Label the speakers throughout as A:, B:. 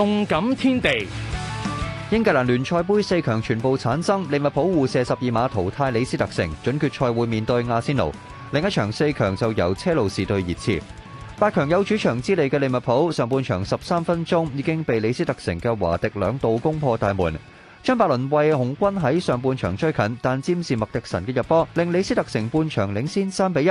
A: 動感天地，英格蘭聯賽盃四強全部產生，利物浦互射十二碼淘汰李斯特城，準決賽會面對阿仙奴。另一場四強就由車路士對熱刺，八強有主場之利嘅利物浦，上半場十三分鐘已經被李斯特城嘅華迪兩度攻破大門，張伯倫為紅軍喺上半場追近，但占士麥迪神嘅入波令李斯特城半場領先三比一。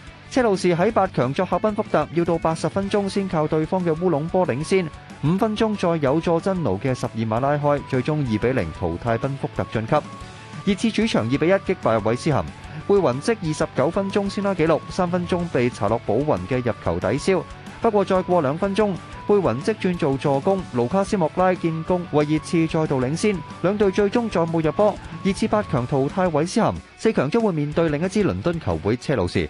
A: 車路士喺八強作客奔福特，要到八十分鐘先靠對方嘅烏龍波領先，五分鐘再有助真奴嘅十二碼拉開，最終二比零淘汰奔福特晉級。熱刺主場二比一擊敗韋斯咸，貝雲即二十九分鐘先攞紀錄，三分鐘被查洛保雲嘅入球抵消，不過再過兩分鐘貝雲即轉做助攻，盧卡斯莫拉建功，為熱刺再度領先，兩隊最終再冇入波，熱刺八強淘汰韋斯咸，四強將會面對另一支倫敦球會車路士。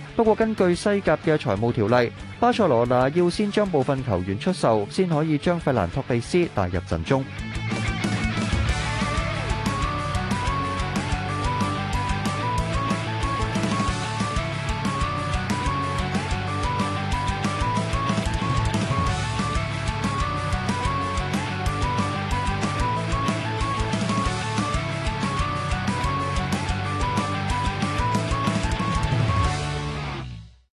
A: 不過，根據西甲嘅財務條例，巴塞羅那要先將部分球員出售，先可以將費蘭托利斯帶入陣中。